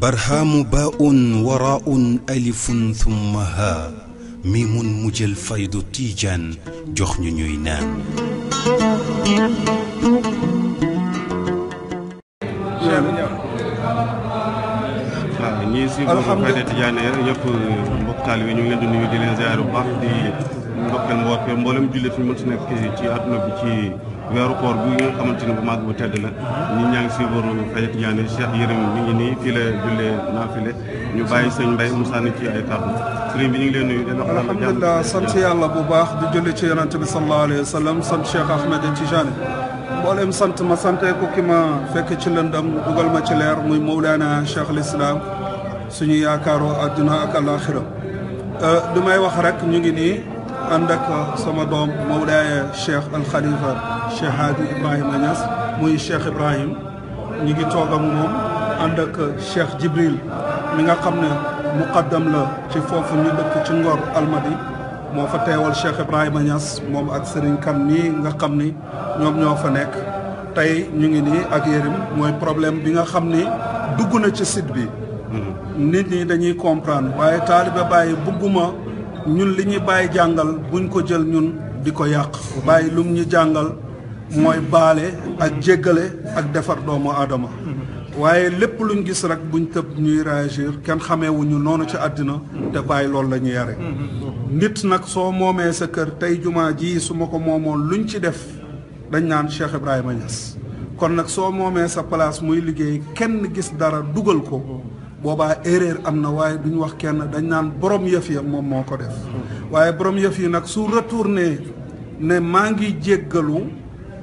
برهام باء وراء ألف ثم ها ميم مجل فيض تيجان جخن نينان ñi ci bu fa tidiane ñepp mbokk talibé ñu ngi leen di nuyu di leen ziaru baax di ndokkeel mboote mboolem jullit fi mën si nekk ci àdduna bi ci weeru koor bi nga xamante ne bu màgg bu tedd la ñi ñaa ngi siibaru fayet ñaani Cheikh Yérim mi ngi nii fii la jullee naafile ñu bàyyi sëñ Mbaye mu sànni ci ay kàddu sëriñ bi ñu ngi leen nuyu den alhamdulilah sant yàlla bu baax di julli ci yonante bi sallallahu alayhi wa sallam sant Cheikh Ahmed Tijani mboolem sant ma sante ku ki ma fekk ci lëndam dugal ma ci leer muy Mawlana Cheikh l'Islam suñu yaakaaroo adduna ak alaxira euh, du may wax rek ñu ngi nii ànd ak sama doom mawlaaye cheikh alxalifa cheikh haadi ibrahima Niass muy cheikh ibrahim ñu ngi toog ak moom ànd ak cheikh jibril mi nga xam ne muqaddam la ci foofu ñu dëkk ci Ngor Almadi moo fa teewal cheikh ibrahima Niass moom ak Serigne Kane nii nga xam ni ñoom ñoo fa nekk tey ñu ngi nii ak yërim mooy problème bi nga xam ni dugg na ci sit bi mm-hmm. nit ñi dañuy comprendre waaye taaliba bàyyi bugguma ñun li ñu bàyyi jàngal buñ ko jël ñun di ko yàq bàyyi lum ñu jàngal mooy baale ak jéggale ak defar doomu aadama waaye lépp luñ gis rek buñ tëb ñuy réagir kenn xameewuñu noonu ci àddina te bàyyi loolu la ñu yare nit nag soo moomee sa kër tey jumaa ji su ma ko moomoon lu ñu ci def dañ naan Cheikh Ibrahima Niass kon nag soo moomee sa place muy liggéey kenn gis dara dugal ko boobaa erreur am na waaye duñ wax kenn dañ naan borom yëf ya moom moo ko def waaye borom yëf yi nag su retourné ne maa ngi jéggalu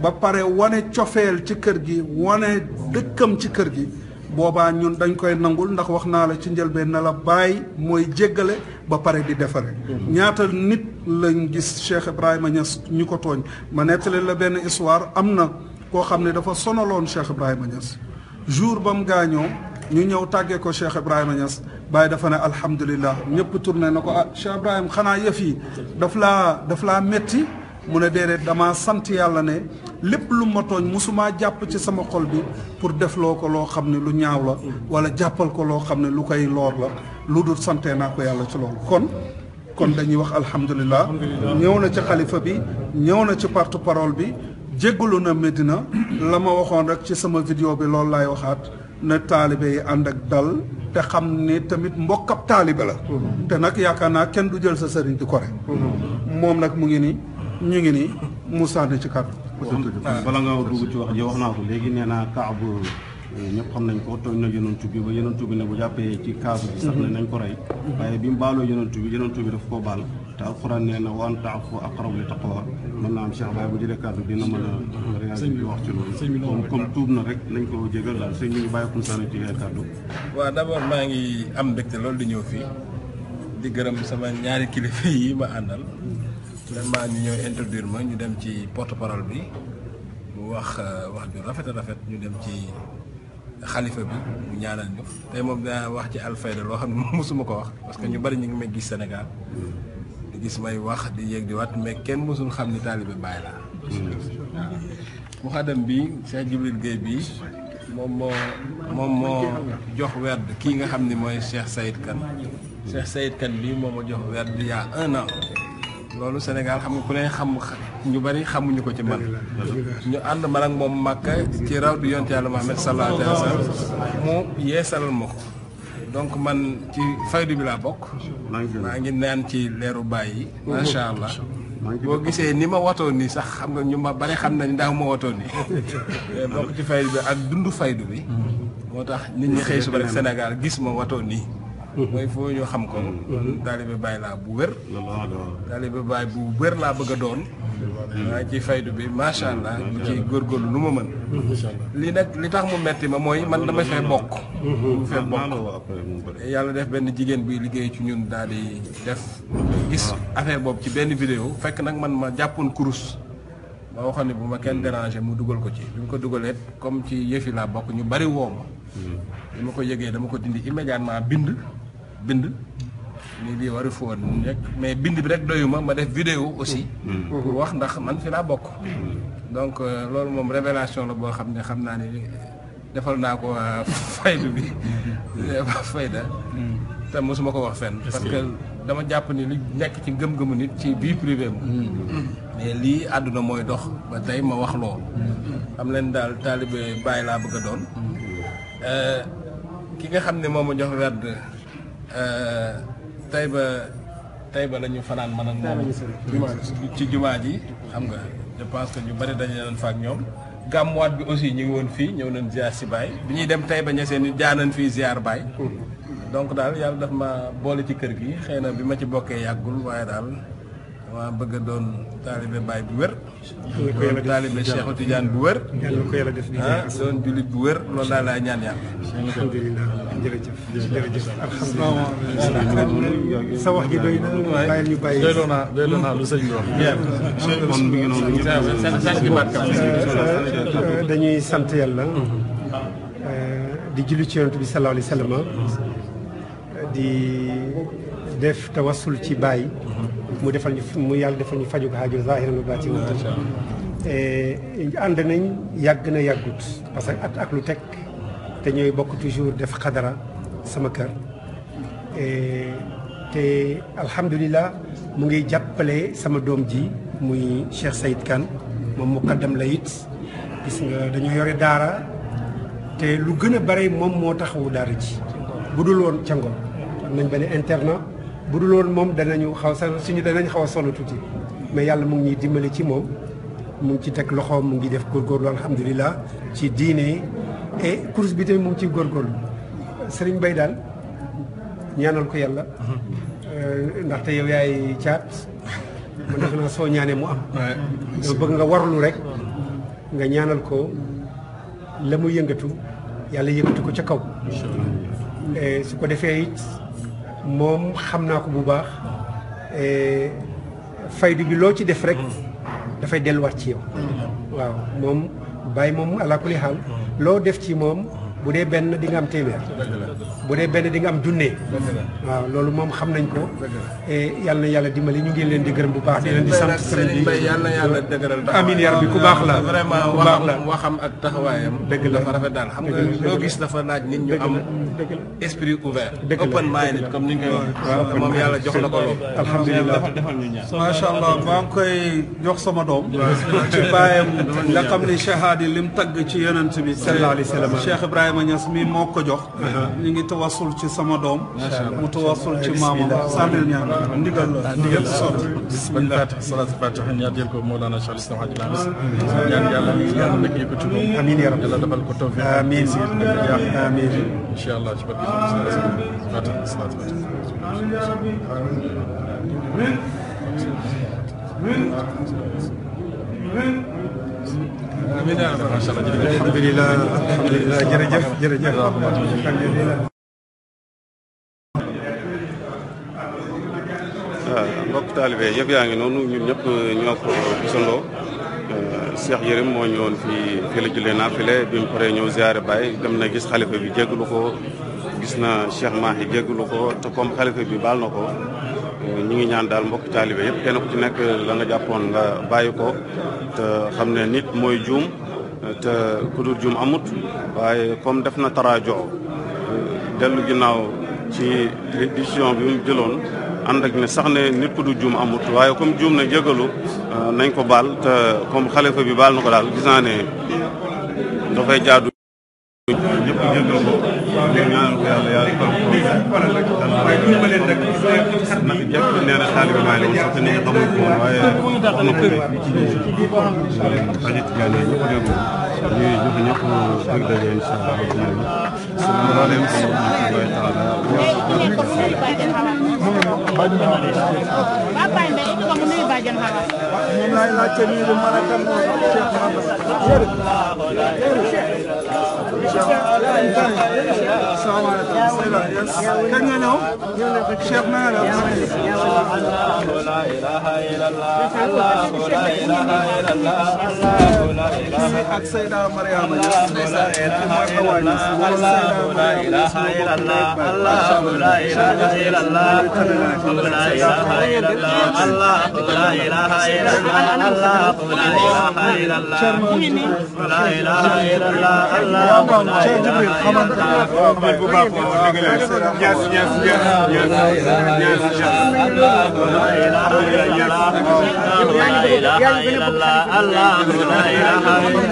ba pare wane cofeel ci kër gi wane dëkkam ci kër gi boobaa ñun dañ koy nangul ndax wax naa la ci njëlbeen na la bàyyi mooy jéggale ba pare di defare ñaata nit lañ gis Cheikh Ibrahima Niass ñu ko tooñ ma nettali la benn histoire am na koo xam ne dafa sonaloon Cheikh Ibrahima Niass jour ba mu gaañoo ñu ñëw tàggee ko Cheikh Ibrahima Niass Baye dafa ne alhamdulilah ñëpp tourné na ko ah Cheikh Ibrahima xanaa yëf yi daf laa daf laa metti mu ne déedéet damaa sant yàlla ne lépp lu ma tooñ mosumaa jàpp ci sama xol bi pour def loo ko loo xam ne lu ñaaw la wala jàppal ko loo xam lu koy loor la lu dul sante naa yàlla ci loolu kon kon dañuy wax alhamdulilah ñëw na ci xalifa bi ñëw na ci porte parole bi jéggalu na Medina la ma rek ci sama vidéo bi loolu laay waxaat na taalibe yi ànd ak dal te xam ni tamit mbokkab taalibe la mhm. te nag yaakaar naa kenn du jël sa sëriñ di kore mhm. moom nag mu ngi ni ñu ngi ni mu sànni ci kàddu bala nga dugg ci wax ji wax naa ko léegi nee naa kaabu eh, ñëpp xam nañ koo tooñ na yonantu bi ba yonantu bi ne bu jàppee ci kaasu bi sax mhm. ne nañ ko rey waaye bi mu baaloo yonantu bi yonantu bi daf koo baal te alxuraan nee na waan taafu aqrab li taqwa mën naa am Cheikh Baye bu jëlee kàddu dina mën a réagir bi wax ci loolu comme comme rek nañ ko jégal daal sëñ bi ñu bàyyi Kountaana ci leen kàddu waaw d'abord maa ngi am mbégte loolu di ñëw fii di gërëm sama ñaari kilifa yi ma àndal vraiment ñu ñëw introduire ma ñu dem ci porte parole bi mu wax euh, wax ju rafet a rafet ñu dem ci xalifa bi mu ñaanal ñu tey moom daa wax ci alfayda loo xam ne mosuma ko wax parce que ñu bari ñu ngi may gis Sénégal gis may wax di yéeg di wat mais kenn mësul xam ni taalibe Baay laa waaw hmm. muxadam bi Cheikh Jibril Guèye bi moom moo moom moo jox werd kii nga xam ni mooy Cheikh Sayid Kan Cheikh Sayid Kan bi moom moo jox werd il a un an loolu Sénégal xam nga ku ne xam ñu bari xamuñu ko ci man ñu ànd man ak moom Màkka ci raw du yonte yàlla Muhammad sallallahu alayhi wa ma ko donc man ci faydu bi laa bokk. maa ngi naan ci leeru bàyyi. macha allah boo gisee ni ma watoo nii sax xam nga ñu ma bari xam nañ daaw ma watoo nii. bokk ci faydu bi ak dundu faydu bi. Mm-hmm. moo tax nit ñi xëy suba Sénégal gis ma watoo nii. moy mm-hmm. fo ñu xam ko mm-hmm. taalibe bay la bu wër taalibe bay bu wër la bëgg doon mm-hmm. ci faydu bi sha allah mu ci gorgolu lu ma mën li nak li tax mu metti ma moy man dama fay bok mu fee bokk def ben jigen bi liggéey ci ñun daal di def gis ah. affaire bob ci ben vidéo fekk nak man ma jappone kurus ma waxoon bu ma kenn déranger mu duggal ko ci bi ko duggalé comme ci yefi la bok ñu bari woma ma bi ko yegge dama ko dindi immédiatement bind bind lii lii waru fa mais bind bi rek doyuma ma def vidéo aussi mm-hmm. wax ndax man fi laa bokk donc euh, loolu moom révélation la boo xam ne xam naa ne defal naa ko euh, faydu bi mm-hmm. fayda mm-hmm. te mosuma ko wax fenn parce que dama jàpp ni lu nekk ci ngëm-ngëmu nit ci bii privé mais lii àdduna mooy dox ba tey ma wax loolu xam leen daal taalibe bàyyi laa bëgg a doon euh, ki nga xam ne moom a jox werd Euh, tey ba tey ba la ñu fanaan man ak moom ci jumaa ji xam nga je pense que ñu bari dañu leen fa ak ñoom gàmmuwaat bi aussi ñu ngi woon fii ñëw nañ ziar si baay bi ñuy dem tey ba ñesee ni jaar nañ fii ziar baay mm-hmm. donc daal yàlla daf ma boole ci kër gi xëy na bi ma ci bokkee yàggul waaye daal waa bëgg a doon taalibe Baay bu wér. doon taalibe Cheikh Tidiane bu wér. yàlla ko yàlla def ah, doon jullit bu wér loolu daal a ñaan yàlla. alhamdulilah jërëjëf sa wax gi doy na bàyyi naa doy naa lu sëñ bi hmm. hmm. euh, euh, dañuy sant yàlla. Euh, di julli ci yonent bi sallallahu alayhi wa sallam hmm. def tawassul ci bàyyi mhm. mu defal ñu mu yàlla defal ñu faju ko baa zahiran wa baatinan eh, ànd nañ yàgg na yàggut parce que at ak lu teg te ñooy bokk toujours def xadara sama kër eh, te alhamdulilah mu ngi jàppale sama doom ji muy Cheikh Sayid kan moom muqaddam la it gis nga dañoo yore daara te lu gën a bare moom moo taxawu daara ji bu dul woon ca am nañ benn internat bu dul woon moom danañu xaw a sonn suñu danañ xaw a sonn tuuti mais yàlla mu ngi ñuy dimbali ci moom mu ngi ci teg loxoom mu ngi def góorgóorlu alhamdulilah ci diine et kurus bi tamit mu ngi ciy góorgóorlu Serigne bay daal ñaanal ko yàlla. Euh, ndaxte yow yaay caat. man defe naa soo ñaanee mu am. waaw bëgg nga warlu rek. nga ñaanal ko la mu yëngatu yàlla yëngatu ko ca kaw. su ko defee it. moom xam naa ko bu baax eh, faydu bi loo ci def rek mm. dafay delluwaat ci yow mm. waaw moom bàyyi moom alaa xaal mm. loo def ci moom bu dee benn di nga am téeméer bu dee benn di nga am junne waaw loolu moom xam nañ ko yàlla na yàlla dimbali ñu ngi leen di gërëm bu baax di leen di sant sëriñ bi ku baax la vraiment ku baax la dëgg la dafa rafet daal xam nga loo gis dafa laaj nit ñu am esprit ouvert open mind ni koy wax moom yàlla jox la ko loolu alhamdulilah defal ñu ñaan macha allah maa koy jox sama doom ci bàyyam nga xam ne chahadi lim tagg ci yonent bi sallallahu Ibrahima Niass mii moo ko jox. Uh-huh. ñu ngi tawasul ci sama doom. mu tawasul ci maamam sànnil ñaan ndigal la ndigal sotti. bisimilah salaatul fatiha ñaan jël ko Mawlana Cheikh Islam Hadji Malick ñaan yàlla yàlla nag yëkkati ko. amiin yaa rabbi yàlla defal ko tawfiq. amiin amiin incha allah ci barke Fatiha salaatul fatiha alhamdulilah alhamdulilah jërëjëf yëpp yaa ngi noonu ñun ñëpp ñoo ko gisandoo Cheikh Yérim moo ñëwoon fii fii la jullee naafile bi mu paree ñëw ziare Baye dem na gis xalifa bi jégalu ko gis na Cheikh yi jégalu ko te comme xalifa bi baal na ko Euh, ñi ngi ñaan daal mbokk taalibe yëpp kenn ku ci nekk euh, la nga jàppoon nga bàyyi ko te xam ne nit mooy juum euh, te ku juum amut waaye comme def na taraajo dellu ginnaaw ci décision bi mu jëloon ànd ak ne sax ne nit ku juum amut waaye kom juum na jégalu nañ ko baal te comme xalifa bi baal na ko daal gis naa ne jaadu wala nag waaye ñu ma leen nag xat na jàpp nee na taalibe Baay la woon sax te nee xamul ko woon waaye wax na ko fii ci aji Tijaan yi ñu ko déglu ñu joxe ñëpp bëgg daje incha allah salaamaaleykum wa rahmatullahi taala moom laay laajte nii lu mën a kan moo tax Cheikh Muhammad الله لا اله الا الله لا اله الا الله الله لا اله الا الله yes yes yes yes yes الله لا اله الا الله لا اله الا الله الله لا اله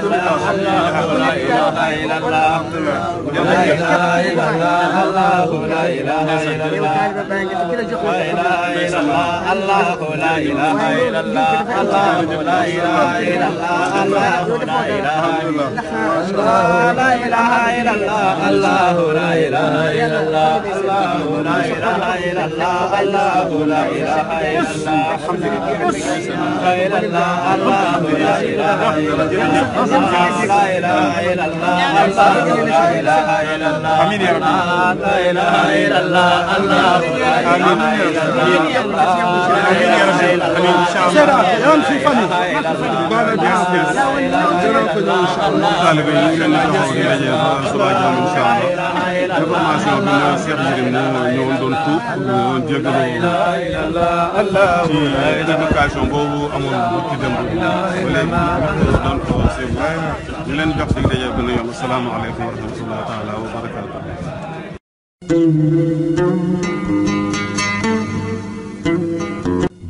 الا الله لا اله الا الله الله لا اله الا الله لا اله الا الله الله لا اله الا الله اللہ جائے رائے اللہ رائے اللہ اللہ اللہ éducation boobu amoon bu ci dem doon ko si ñu leen jox dig daje gën a yomb asalaamaaleykum wa rahmatulah taala wa barakaatu